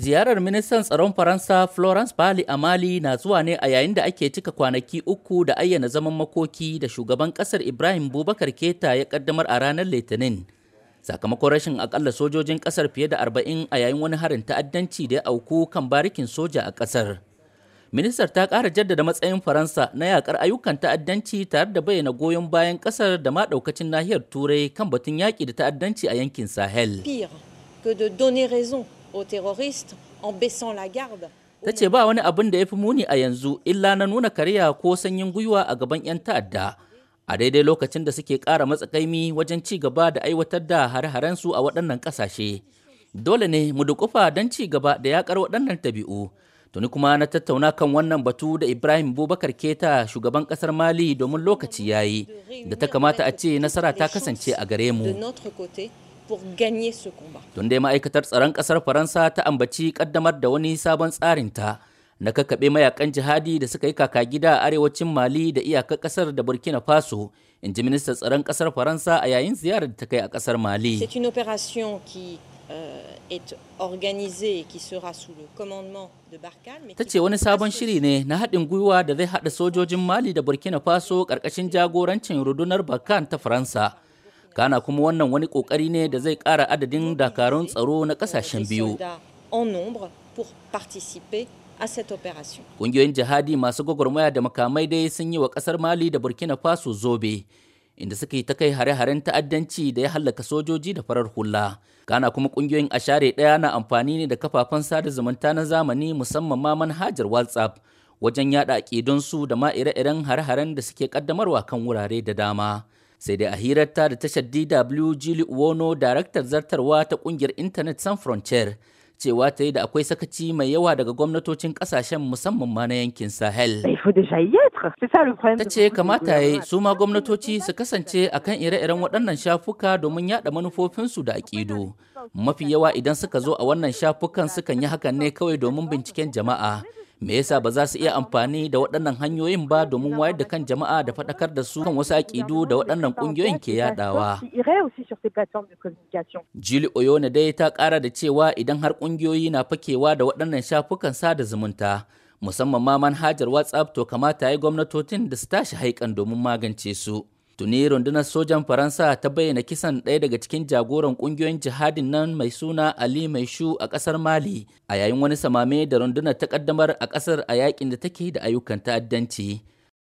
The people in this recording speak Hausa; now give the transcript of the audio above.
Ziyarar ministan tsaron Faransa Florence Bali a Mali na zuwa ne a yayin da ake cika kwanaki uku da ayyana zaman makoki da shugaban kasar Ibrahim Bubakar Keta ya kaddamar a ranar Litinin. Sakamakon rashin akalla sojojin kasar fiye da arba'in a yayin wani harin ta'addanci da ya auku kan barikin soja a kasar. Ministar ta ƙara jaddada matsayin Faransa na yakar ayyukan ta'addanci tare da bayyana goyon bayan kasar da ma daukacin nahiyar Turai kan batun yaƙi da ta'addanci a yankin Sahel. aux terroristes en baissant la garde. ta ce ba wani abin da ya fi muni a yanzu illa na nuna kariya ko sanyin gwiwa a gaban 'yan ta'adda a daidai lokacin da suke ƙara matsakaimi wajen ci gaba da aiwatar da hare-harensu a waɗannan ƙasashe dole ne mu dukufa don ci gaba da yaƙar waɗannan tabi'u tuni kuma na tattauna kan wannan batu da ibrahim bubakar keta shugaban ƙasar mali domin lokaci yayi da ta kamata a ce nasara ta kasance a gare mu pour gagner ce combat. Tun dai ma'aikatar tsaron kasar Faransa ta ambaci kaddamar da wani sabon tsarinta na kakkaɓe mayakan jihadi da suka yi kaka gida a arewacin Mali da iyakar kasar da Burkina Faso. In ji ministan tsaron kasar Faransa a yayin ziyarar da ta kai a kasar Mali. C'est une opération qui euh, est organisée qui sera sous le commandement de Barkhane. Ta ce wani sabon shiri ne na haɗin gwiwa da zai haɗa sojojin Mali da Burkina Faso ƙarƙashin jagorancin rundunar Barkhane ta Faransa. Kana kuma wannan wani kokari ne da zai kara adadin dakarun tsaro na kasashen biyu. Ƙungiyoyin jihadi masu gwagwarmaya da makamai dai sun yi wa ƙasar Mali da Burkina Faso zobe, inda suka yi ta kai hare-haren ta'addanci da ya hallaka sojoji da farar hula. Kana kuma ƙungiyoyin share ɗaya na amfani ne da kafafen sada zumunta na zamani musamman ma manhajar WhatsApp. wajen yada su da ma ire-iren hare-haren da suke ƙaddamarwa kan wurare da dama. sai dai a hirarta da tashar dw jili uwono daraktar zartarwa ta kungiyar intanet san frontier cewa ta yi da akwai sakaci mai yawa daga gwamnatocin kasashen musamman ma na yankin sahel ta ce kamata ya su ma gwamnatoci su kasance a kan ire-iren waɗannan shafuka domin yaɗa manufofinsu da aƙidu mafi yawa idan suka zo a wannan shafukan sukan yi hakan ne kawai domin binciken jama'a me yasa ba za su iya amfani da waɗannan hanyoyin ba domin wayar da kan jama'a da faɗakar da su kan wasu aƙidu da waɗannan ƙungiyoyin ke yaɗawa. Jili Oyone dai ta ƙara da cewa idan har ƙungiyoyi na fakewa da waɗannan shafukan sada zumunta musamman ma manhajar WhatsApp to kamata ya yi gwamnatocin da su tashi haikan domin magance su. Tuni rundunar sojan Faransa ta bayyana kisan ɗaya daga cikin jagoran ƙungiyoyin jihadin nan mai suna Ali Mai Shu a ƙasar Mali a yayin wani samame da rundunar ta ƙaddamar a ƙasar a yaƙin da take da ayyukan ta'addanci.